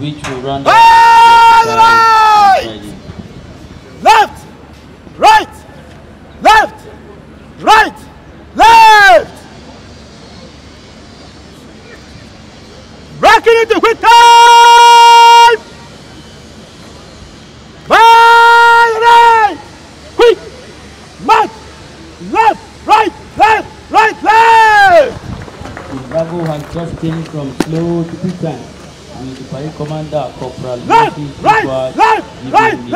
which will run ah, right, left, right, left, right, left. Breaking into quick time. By the right, quick, march, left, right, left, right, left. The Bravo has just changed from slow to quick time with Vice Commander Corporal Murphy Right! Giving